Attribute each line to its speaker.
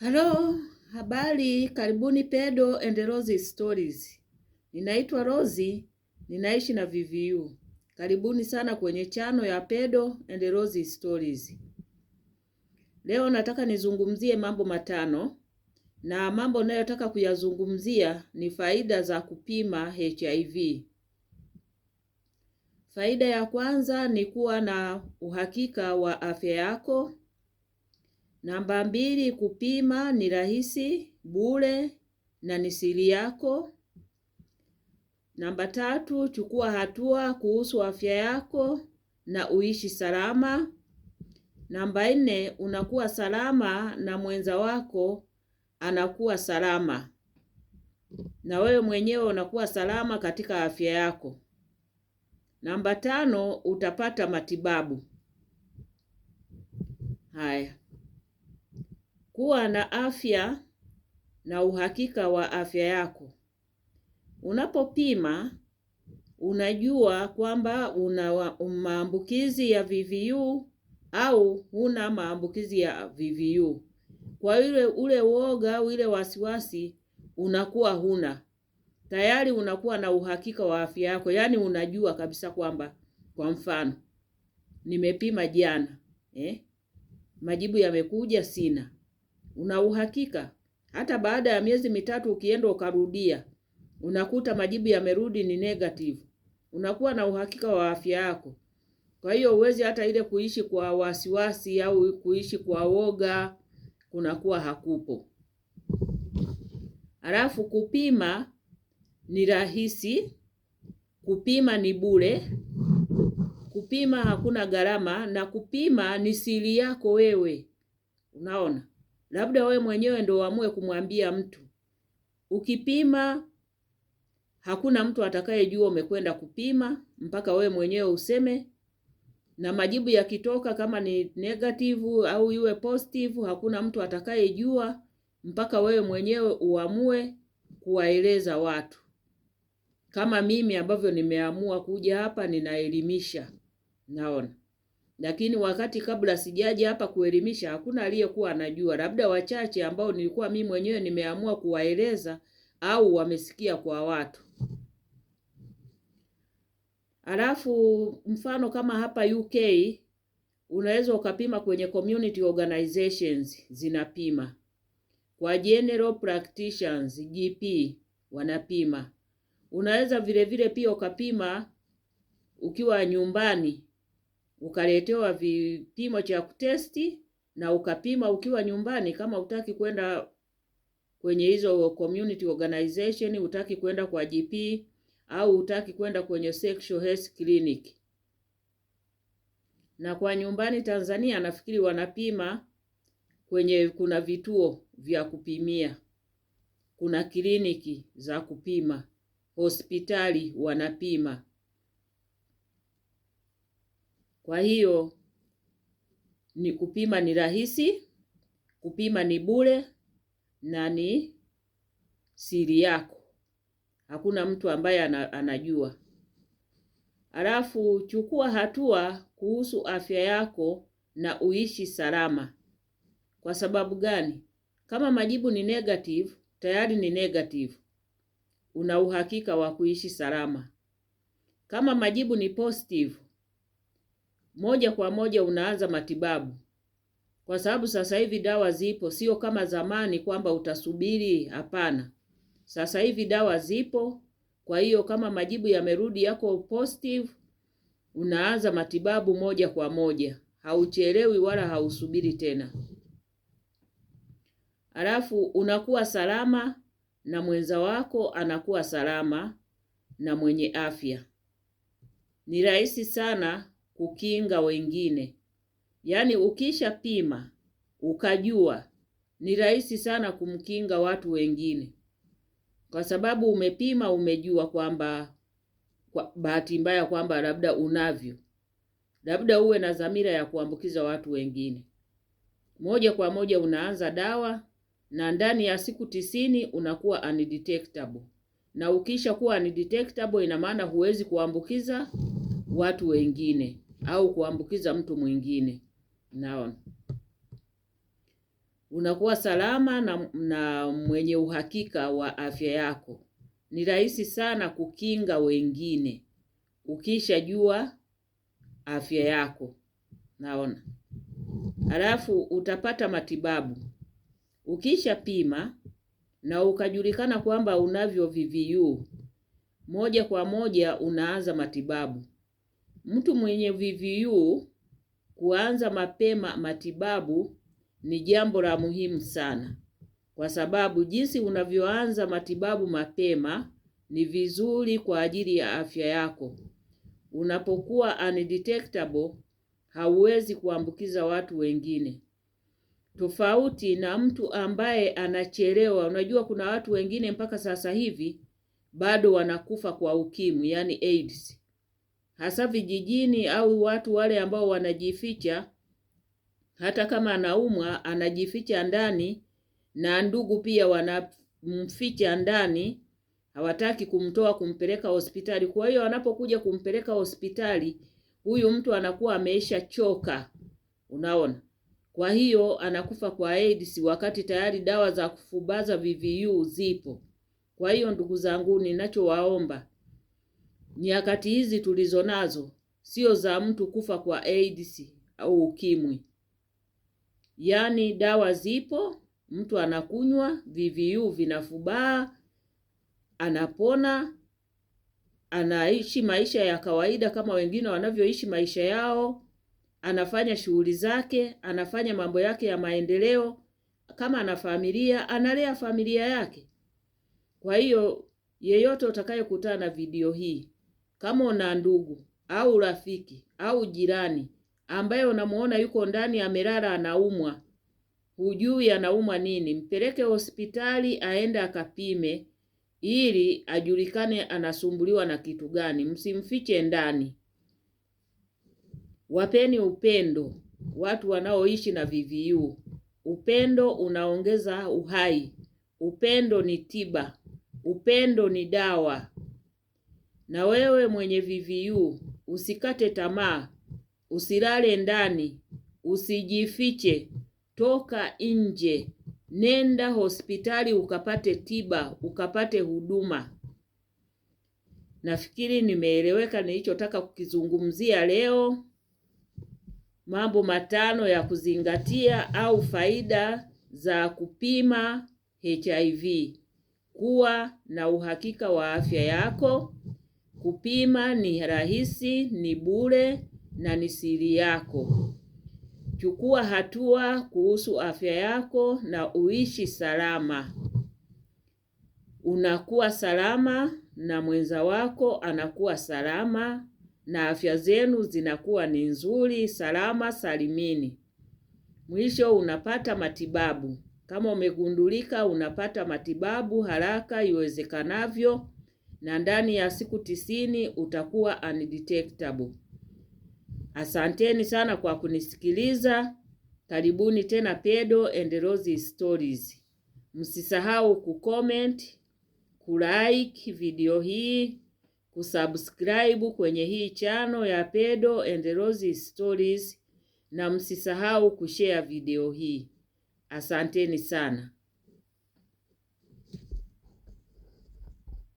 Speaker 1: Halo, habari, karibuni Pedo and Rose Stories. Ninaitwa Rozi, ninaishi na VVU. Karibuni sana kwenye chano ya Pedo and Rose Stories. Leo nataka nizungumzie mambo matano na mambo nayotaka kuyazungumzia ni faida za kupima HIV. Faida ya kwanza ni kuwa na uhakika wa afya yako. Namba mbili, kupima ni rahisi, bure na ni siri yako. Namba tatu, chukua hatua kuhusu afya yako na uishi salama. Namba nne, unakuwa salama na mwenza wako anakuwa salama na wewe mwenyewe unakuwa salama katika afya yako. Namba tano, utapata matibabu. Haya. Kuwa na afya na uhakika wa afya yako. Unapopima unajua kwamba una maambukizi ya VVU au huna maambukizi ya VVU. Kwa ile ule woga au ile wasiwasi unakuwa huna. Tayari unakuwa na uhakika wa afya yako, yaani unajua kabisa kwamba kwa mfano nimepima jana eh, majibu yamekuja sina una uhakika hata baada ya miezi mitatu ukienda ukarudia, unakuta majibu yamerudi ni negative, unakuwa na uhakika wa afya yako. Kwa hiyo uwezi hata ile kuishi kwa wasiwasi au kuishi kwa woga kunakuwa hakupo. Halafu kupima ni rahisi, kupima ni bure, kupima hakuna gharama, na kupima ni siri yako wewe. Unaona, Labda wewe mwenyewe ndio uamue kumwambia mtu. Ukipima hakuna mtu atakayejua umekwenda kupima mpaka wewe mwenyewe useme, na majibu yakitoka kama ni negative au iwe positive, hakuna mtu atakayejua mpaka wewe mwenyewe uamue kuwaeleza watu, kama mimi ambavyo nimeamua kuja hapa ninaelimisha. Naona lakini wakati kabla sijaja hapa kuelimisha, hakuna aliyekuwa anajua, labda wachache ambao nilikuwa mimi mwenyewe nimeamua kuwaeleza au wamesikia kwa watu. Alafu mfano kama hapa UK unaweza ukapima kwenye community organizations zinapima kwa general practitioners GP wanapima. Unaweza vile vile pia ukapima ukiwa nyumbani ukaletewa vipimo cha kutesti na ukapima ukiwa nyumbani, kama utaki kwenda kwenye hizo community organization, utaki kwenda kwa GP au utaki kwenda kwenye sexual health clinic. Na kwa nyumbani Tanzania nafikiri wanapima kwenye, kuna vituo vya kupimia, kuna kliniki za kupima, hospitali wanapima. Kwa hiyo ni kupima ni rahisi, kupima ni bure na ni siri yako, hakuna mtu ambaye anajua. alafu chukua hatua kuhusu afya yako na uishi salama. Kwa sababu gani? Kama majibu ni negative, tayari ni negative, una uhakika wa kuishi salama. Kama majibu ni positive, moja kwa moja unaanza matibabu, kwa sababu sasa hivi dawa zipo, sio kama zamani kwamba utasubiri. Hapana, sasa hivi dawa zipo. Kwa hiyo kama majibu yamerudi yako positive, unaanza matibabu moja kwa moja, hauchelewi wala hausubiri tena. alafu unakuwa salama na mwenza wako anakuwa salama na mwenye afya. Ni rahisi sana kukinga wengine. Yaani ukishapima ukajua, ni rahisi sana kumkinga watu wengine, kwa sababu umepima, umejua kwamba kwa bahati mbaya kwamba labda unavyo, labda uwe na dhamira ya kuambukiza watu wengine. Moja kwa moja unaanza dawa na ndani ya siku tisini unakuwa undetectable, na ukisha kuwa undetectable, ina maana huwezi kuambukiza watu wengine au kuambukiza mtu mwingine. Naona unakuwa salama na, na mwenye uhakika wa afya yako. Ni rahisi sana kukinga wengine ukishajua afya yako. Naona halafu utapata matibabu ukishapima na ukajulikana kwamba unavyo VVU, moja kwa moja unaanza matibabu. Mtu mwenye VVU kuanza mapema matibabu ni jambo la muhimu sana, kwa sababu jinsi unavyoanza matibabu mapema ni vizuri kwa ajili ya afya yako. Unapokuwa undetectable, hauwezi kuambukiza watu wengine, tofauti na mtu ambaye anachelewa. Unajua, kuna watu wengine mpaka sasa hivi bado wanakufa kwa ukimwi, yani AIDS hasa vijijini, au watu wale ambao wanajificha, hata kama anaumwa anajificha ndani, na ndugu pia wanamficha ndani, hawataki kumtoa kumpeleka hospitali. Kwa hiyo wanapokuja kumpeleka hospitali, huyu mtu anakuwa ameisha choka, unaona. Kwa hiyo anakufa kwa AIDS wakati tayari dawa za kufubaza VVU zipo. Kwa hiyo ndugu zangu, ninachowaomba Nyakati hizi tulizo nazo sio za mtu kufa kwa AIDS au ukimwi. Yaani dawa zipo, mtu anakunywa, VVU vinafubaa, anapona, anaishi maisha ya kawaida kama wengine wanavyoishi maisha yao, anafanya shughuli zake, anafanya mambo yake ya maendeleo, kama ana familia, analea familia yake. Kwa hiyo yeyote utakayekutana na video hii kama una ndugu au rafiki au jirani ambaye unamuona yuko ndani amelala anaumwa, hujui anaumwa nini, mpeleke hospitali aende akapime ili ajulikane anasumbuliwa na kitu gani. Msimfiche ndani. Wapeni upendo watu wanaoishi na VVU. Upendo unaongeza uhai. Upendo ni tiba. Upendo ni dawa. Na wewe mwenye VVU usikate tamaa, usilale ndani, usijifiche, toka nje, nenda hospitali ukapate tiba, ukapate huduma. Nafikiri nimeeleweka nilichotaka kukizungumzia leo, mambo matano ya kuzingatia au faida za kupima HIV. Kuwa na uhakika wa afya yako. Kupima ni rahisi, ni bure na ni siri yako. Chukua hatua kuhusu afya yako na uishi salama. Unakuwa salama na mwenza wako anakuwa salama na afya zenu zinakuwa ni nzuri, salama salimini. Mwisho unapata matibabu. Kama umegundulika unapata matibabu haraka iwezekanavyo na ndani ya siku tisini utakuwa undetectable. Asanteni sana kwa kunisikiliza. Karibuni tena Pedo and Rose Stories. Msisahau kucomment, kulike video hii, kusubscribe kwenye hii chano ya Pedo and Rose Stories na msisahau kushare video hii. Asanteni sana.